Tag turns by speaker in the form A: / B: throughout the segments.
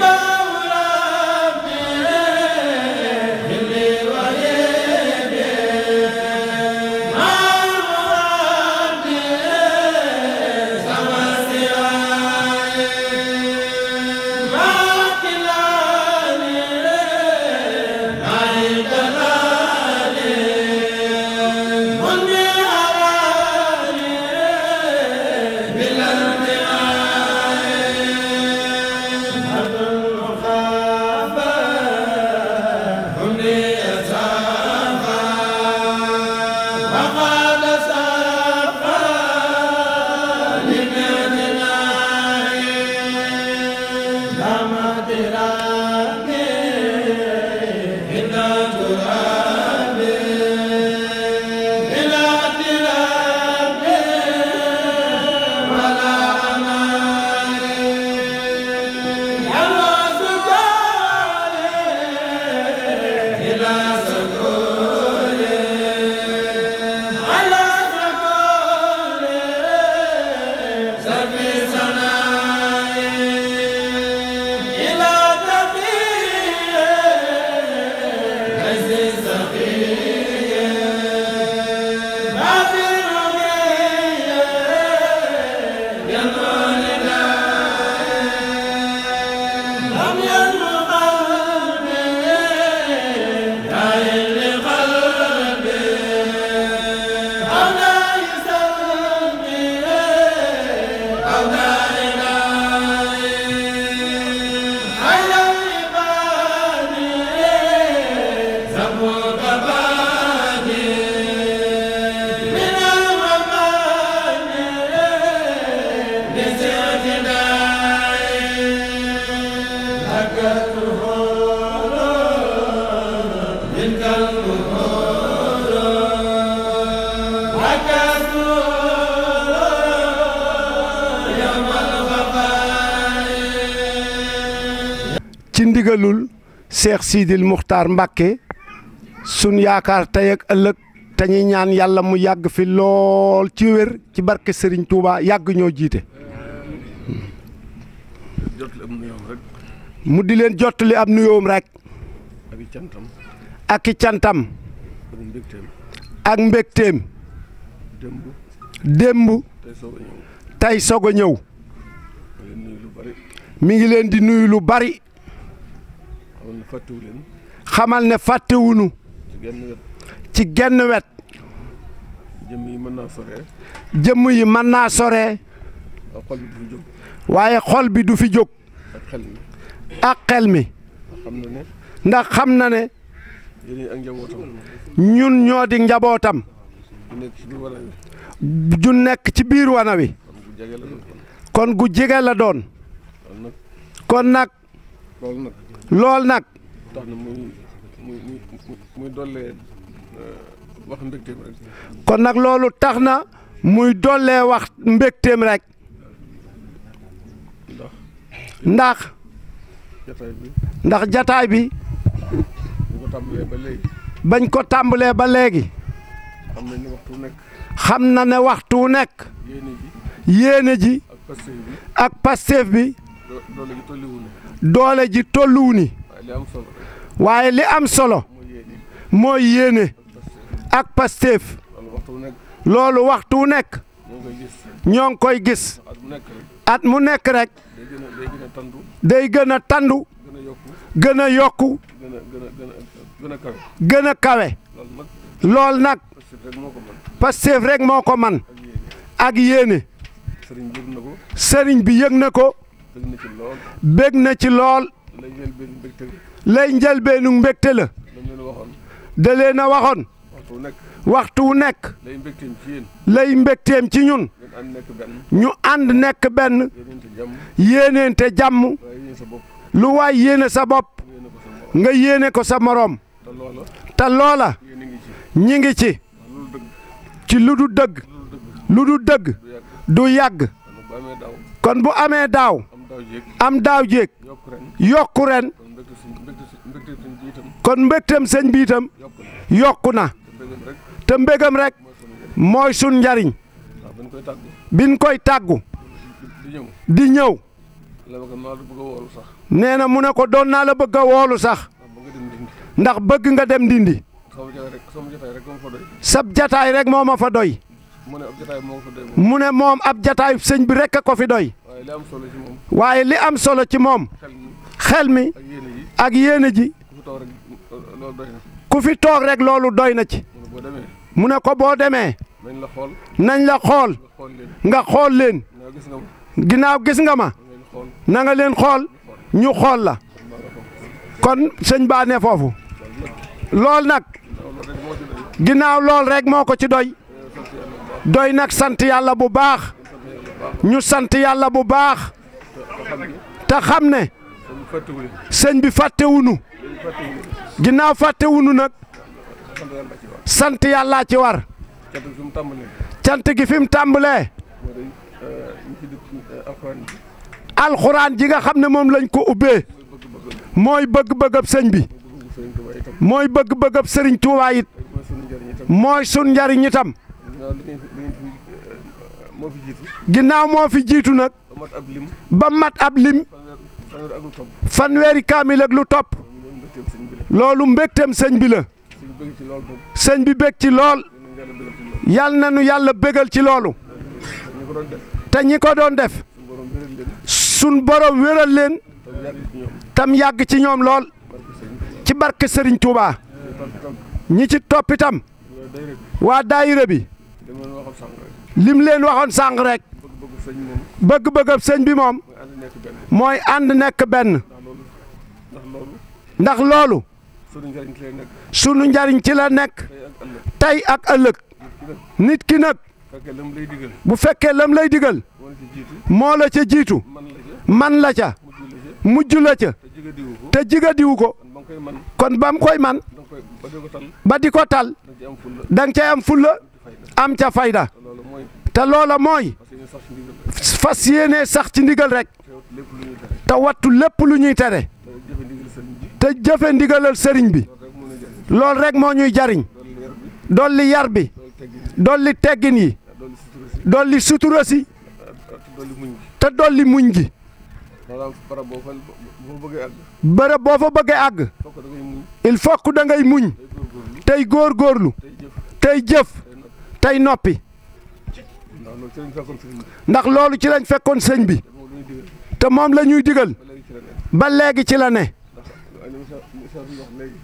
A: ば
B: ndigalul Sidil Muxtaar Mbàkke sun yaakaar tey ak ñaan yàlla mu yàgg fi lool ci wér yàgg ñoo jiite. mu di leen jottali ab nuyoom rek. ak cantam. ak mbégteem. démb. tey sog a ñëw. mi ngi leen di nuyu lu bari. xamal ne fàttewuñu ci genn wet
C: jëmm yi mën naa sore
B: jëmm yi mën naa sore waaye xol bi du fi jóg ak xel mi ndax xam na ne ñun ñoo di njabootam ju nekk ci biir wana wi kon gu jege la doon kon nag lool nag.
C: tax na muy muy muy euh,
B: kon nag loolu tax na muy dollee wax mbégteem rek. ndax. jataay bi ndax jataay bi. bañ ko tàmbalee ba léegi.
C: ko tàmbalee ba léegi. xam na ne waxtu wu nekk. xam na ne waxtu wu yéene ji. ak Pastef bi. bi. doole ji tolluwu ni.
B: doole ji tolluwu ni. waaye li am solo. mooy yéene. ak Pastef. loolu waxtu wu nekk. ñoo ngi koy gis. at mu nekk rek. day gën a tandu. gën a yokku.
C: gën a kawe.
B: lool nag. Pastef rek moo ko man ak yéene. sëriñ bi yëg na ko.
C: bëgg na ci lool. bëgg na ci lool. lay njëlbeenu mbégte
B: la. lay njëlbeenu la. da leen a waxoon. waxtu wu nekk. waxtu wu nekk. lay mbégteem ci yéen. lay ci ñun. ñu ànd nekk benn. yéeneente jàmm. lu waay yéene sa bopp. nga yéene ko sa moroom. te loola. ñi ngi ci. ci lu du dëgg. lu du dëgg. du yàgg. kon bu amee daaw. am daaw jéeg yokuren
C: kon mbégtam sëñ bi yokuna yokku na te
B: mbégam rek mooy sun njariñ biñ koy tàggu di ñëw nee mu ne ko doon naa la bëgg a woolu sax ndax bëgg nga dem dindi sab jataay rek moo ma fa doy mu ne moom ab jataay sëñ bi rek ko fi doy waaye li am solo ci moom xel mi ak yéene ji
C: uh, ku
B: fi toog rek loolu doy na ci mu ne ko boo demee
C: nañ la xool nga xool leen ginnaaw gis nga ma
B: na nga leen xool ñu xool la kon sëñ baa ne foofu lool nag ginnaaw lool rek moo ko ci doy eh, doy nag sant yàlla bu baax ñu sant yàlla bu baax te xam ne sëñ bi fàttewunu ginnaaw fàttewunu nag sant yàllaa ci war cant gi fi mu tàmbalee alxuraan ji nga xam ne moom lañ ko ubbee mooy bëgg-bëggab sëñ bi mooy bëgg-bëggab sëriñ Tuubaa it
C: mooy sun njariñ itam moo ginnaaw moo fi jiitu nag. ba mat ab lim. mat ab lim.
B: fanweeri kaamil lu topp. loolu mbégteem sëñ bi la. sëñ bi bég ci lool. yal na nu yàlla bégal ci loolu. te ñi ko doon def. sun borom wéral leen. tam yàgg ci ñoom lool. ci barke Serigne Touba. ñi ci toppitam waa daayira bi. lim leen waxoon sànq rek. bëgg-bëggab sëñ bi moom. mooy ànd nekk benn. ndax loolu.
C: sunu njariñ ci la nekk. tey ak ëllëg. nit ki nag. bu fekkee lam lay digal.
B: moo la ca jiitu. man la ca. mujj la ca. te jigadiwu ko. kon ba mu koy man ba di ko tal. da nga cay am fulla am ca fayda te loola mooy fas yéene sax ci ndigal rek te wattu lépp lu ñuy tere te jëfe ndigalal sëriñ bi lool rek moo ñuy jariñ dolli yar bi dolli teggin yi dolli sutura si te dolli muñ gi bërëb boo fa bëggee àgg il faut que da ngay muñ tey góor góorgóorlu tey jëf tey noppi ndax loolu ci lañ fekkoon sëñ bi
C: te moom la ñuy digal ba
B: leegi ci la ne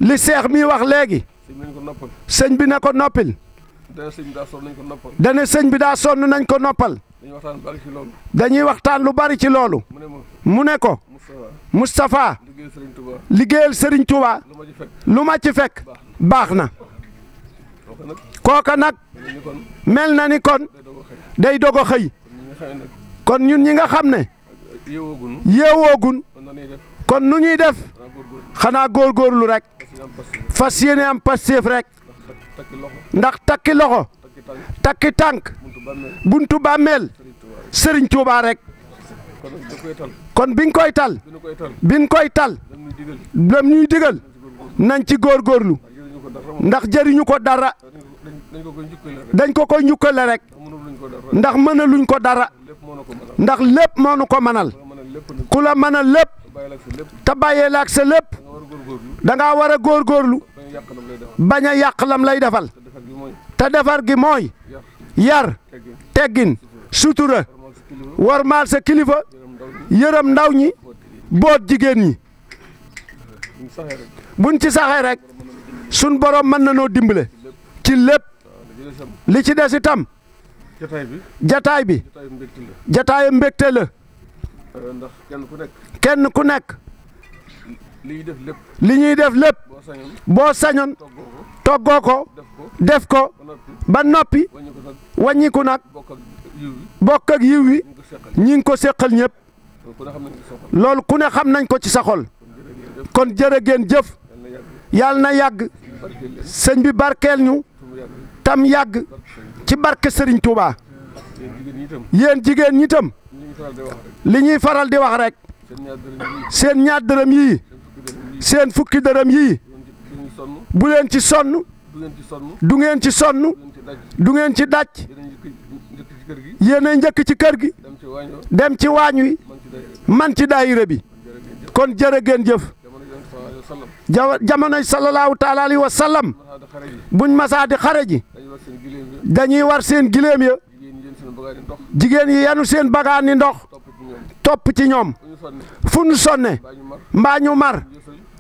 B: li seex mi wax léegi sëñ bi ne ko noppil
C: dane sëñ bi daa sonn nañ ko noppal
B: dañuy waxtaan lu bari ci loolu mu ne ko Moustapha liggéeyal sëriñ Touba lu ma ci fekk baax na
C: kooka nag mel
B: na ni kon day dog a xëy kon ñun ñi nga xam ne
C: yeewoogun kon nu ñuy def xanaa
B: góor góorlu rek
C: fas yéene am pastéef rek ndax takki loxo takki tànk buntu
B: bàmmeel sëriñ Tuubaa rek kon bi biñ koy tal biñ koy tal lam ñuy digal nañ ci góor góorlu ndax jariñu ko dara dañ ko koy njukkale rek ndax mën a luñ ko dara ndax lépp moo nu ko mënal ku la mënal lépp te bàyyee la ak sa lépp da ngaa war a góorgóorlu bañ a yàq lam lay defal te defar gi mooy yar teggin sutura wormaal sa kilifa yërëm ndaw ñi boot jigéen ñi buñ ci saxee rek. sun borom mën na noo dimbale ci lépp li ci des itam
C: jataay bi jataay bi
B: jataayu mbégte la
C: euh, ndax kenn ku nekk
B: kenn ku nekk
C: li ñuy def lépp li ñuy def lépp boo sañoon
B: toggoo ko def ko ba noppi wàññiku nag bokk ak yiw wi ñi ngi ko séqal ñëpp lool ku ne xam nañ ko ci saxool kon jërë ngeen jëf yàlla na yàgg sëñ bi barkeel ñu tam yàgg ci barke Serigne Touba yéen jigéen ñi li ñuy faral di wax rek seen ñaar dërëm yii seen fukki dërëm yii bu leen ci sonn du ngeen ci sonn du ngeen ci daj yéen a njëkk ci kër gi dem ci waañ wi man ci daayira bi kon jërë jëf. ja jamonoy sallallahu taala alayhi wa sallam buñ masaa di xare ji dañuy war seen gileem ya
C: jigéen yi yanu
B: seen bagaan ni ndox topp ci ñoom fu ñu sonne mbaa ñu mar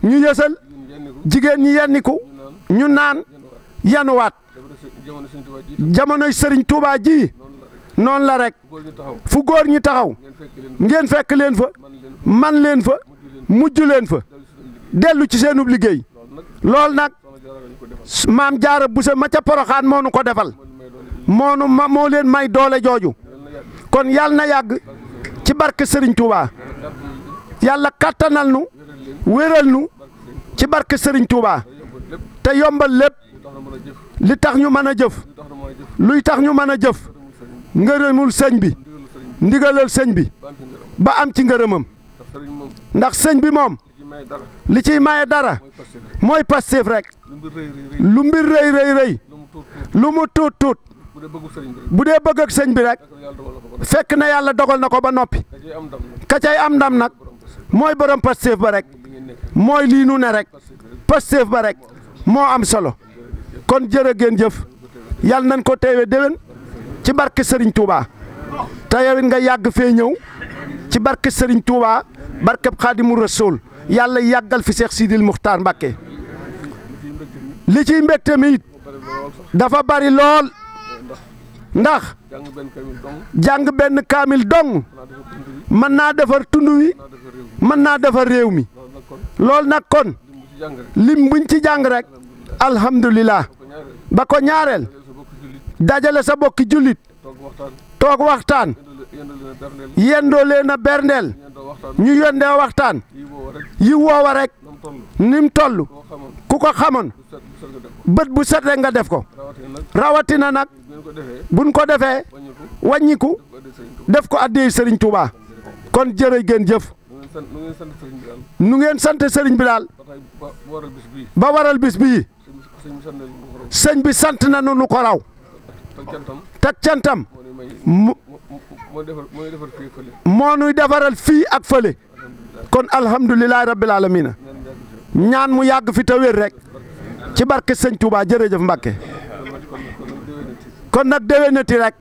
B: ñu yësal jigéen ñi yenniku ñu naan yanuwaat jamonoy sëriñ Tuubaa ji noonu la rek fu góor ñi taxaw ngeen fekk leen fa man leen fa mujj leen fa dellu ci seenub liggéey loolu nag maam jaara busa ma ca poroxaan moo nu ko defal moo nu ma moo leen may doole jooju kon yàlla na yàgg ci barke Serigne Touba yàlla kàttanal nu ci barke Serigne Touba te yombal lépp li tax ñu mën a jëf luy tax ñu mën a jëf ngërëmul sëñ bi ndigalal sëñ bi ba am ci ngërëmam ndax sëñ bi moom. li ciy maye dara mooy Pastef rek lu mbir rëy rëy lu mu tuut tuut bu dee bëgg sëñ bi rek fekk na yàlla dogal na ko ba noppi ka cay am ndam nag mooy borom Pastef ba rek mooy lii nu ne rek Pastef ba rek moo am solo kon jërë ngeen jëf yàlla nañ ko teewe déwén ci barke Serigne Touba te nga yàgg fee ñëw ci barke Serigne Touba barkeb Xaadimu Rasuul yàlla yàggal fi Cheikh Sidil Muxtaar Mbàkke
C: li ciy mbégte mi
B: it dafa bari lool
C: ndax jàng
B: benn kaamil dong mën naa defar tund wi mën naa defar réew mi lool nag kon lim buñ ci jàng rek alhamdulilah ba ko ñaareel dajale sa bokki jullit toog waxtaan yendoo leen a berndeel ñu yendee waxtaan yi woowa rek ni mu toll ku ko xamoon bët bu set rek nga def ko rawatina nag buñ ko defee wàññiku def ko addee Serigne Touba kon jërë ngeen jëf
C: nu ngeen sant Serigne bi daal ba waral bis bii sëñ
B: bi sant na lu ko raw
C: teg cantam mu.
B: moo nuy defaral fii ak fële kon alhamdulilahi rabbil alamina ñaan mu yàgg fi te wér rek ci barke sëñ Touba jërëjëf Mbacke kon nag déwénati rek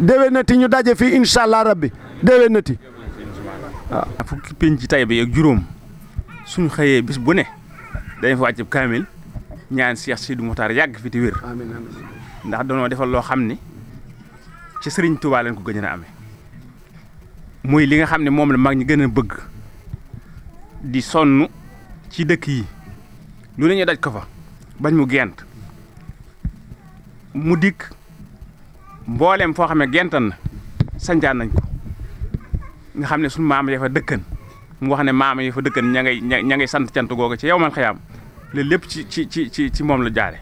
B: déwénati ñu daje fii incha allah rabbi déwénati
D: waaw. fukki penc ci tay bi ak juróom suñu xëyee bis bu ne dañ fa wàcc kaamil ñaan Cheikh Sidi Mouhtar yàgg fi te wér ndax danoo defal loo xam ni ci sëriñ Touba leen ko gëj a amee. muy li nga xam ne moom la mag ñi gën a bëgg di sonn ci dëkk yi lu ne ñu daj ko fa bañ mu gent mu dikk mbooleem foo xam ne gentan na sancaan nañ ko nga xam ne suñu maam yafa dëkkan mu wax ne maam ya fa dëkkan ña ngay ña ngay sant cant googu ci yow man xayaam lépp ci ci ci ci moom la jaare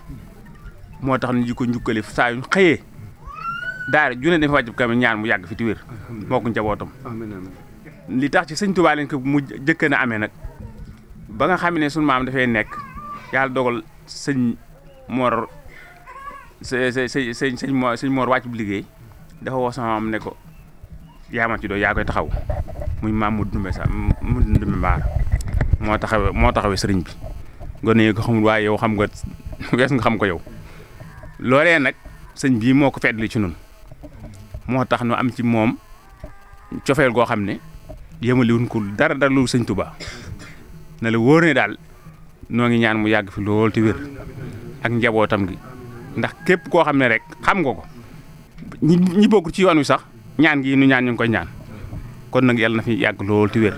D: moo tax ñu jikko njukkale saa yu xëyee daara junne dafa wàjjub kamil ñaar mu yàgg fi ti wér moo ko njabootam li tax ci sëñ Tuubaa leen ko mu jëkk na amee nag ba nga xam ne sunu maam dafay nekk yàlla dogal sëñ Mor së sëñ sëñ Mor sëñ Mor wàcc bu liggéey dafa woo sama maam ne ko yaa ma ci doo yaa koy taxaw muy maam mu dumbe sa mu dumbe mbaar moo taxaw moo taxawee sëriñ bi. nga yi ko xamul waaye yow xam nga wees nga xam ko yow loolee nag sëñ bii moo ko feddali ci noonu moo tax nu am ci moom cofeel goo xam ne yemaliwuñ ko dara dara lu sëñ Tuubaa na la wóor ne daal noo ngi ñaan mu yàgg fi lool te wér ak njabootam gi ndax képp koo xam ne rek xam nga ko ñi ñi bokk ci yoon wi sax ñaan gi nu ñaan ñu ngi koy ñaan kon nag yàlla na fi yàgg lool te wér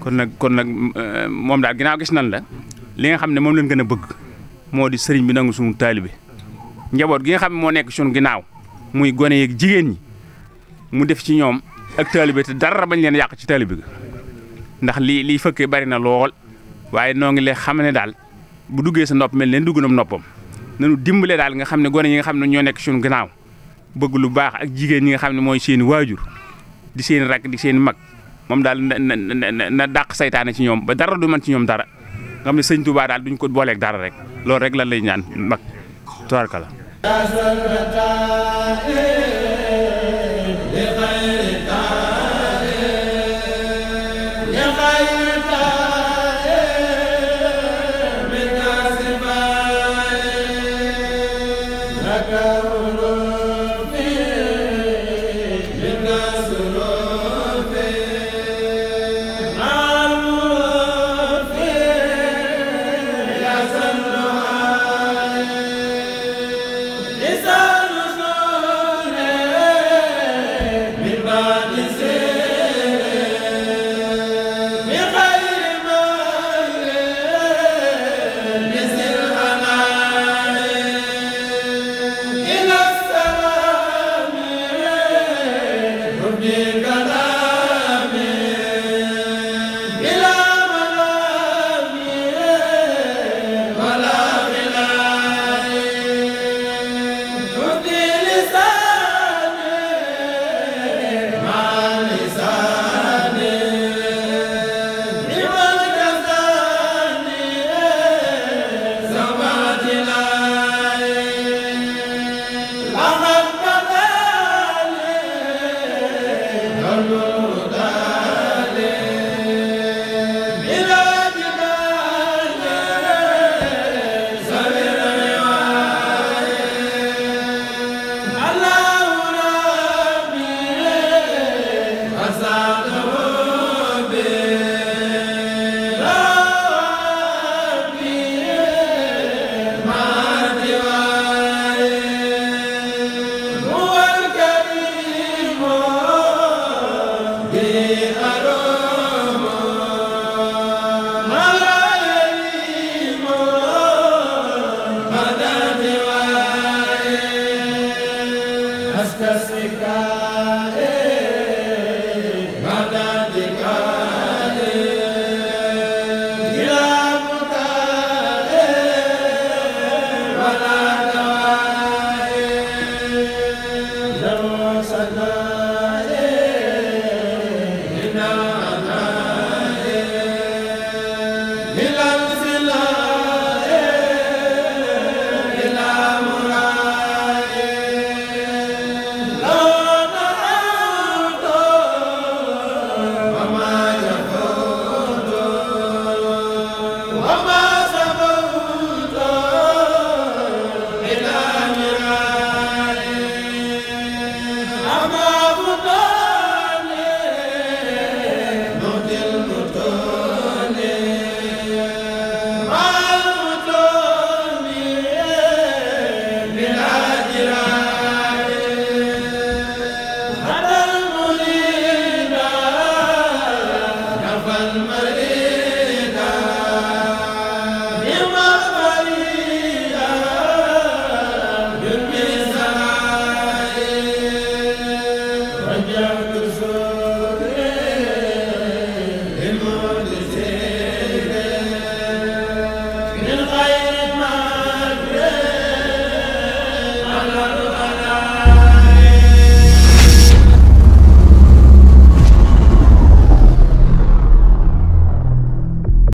D: kon nag kon nag euh, moom daal ginnaaw gis nan la li nga xam ne moom leen gën a bëgg moo di sëriñ bi nangu sumu taalibe njaboot gi nga xam ne moo nekk suñu ginnaaw. muy gone yeeg jigéen ñi mu def ci ñoom ak taalibe te dara bañ leen yàq ci taalibe ga ndax lii lii fëkkee bari na lool waaye noo ngi leen xam ne daal bu duggee sa nopp mel leen dugg na noppam nanu dimbale daal nga xam ne gone yi nga xam ne ñoo nekk suñu gannaaw bëgg lu baax ak jigéen ñi nga xam ne mooy seeni waajur di seen rakk di seen mag moom daal na na seytaane dàq ci ñoom ba dara du mën ci ñoom dara nga xam ne sëñ Tuubaa daal duñ ko booleeg dara rek loolu rek lan lay ñaan mag tubaarkalla
A: Sarvata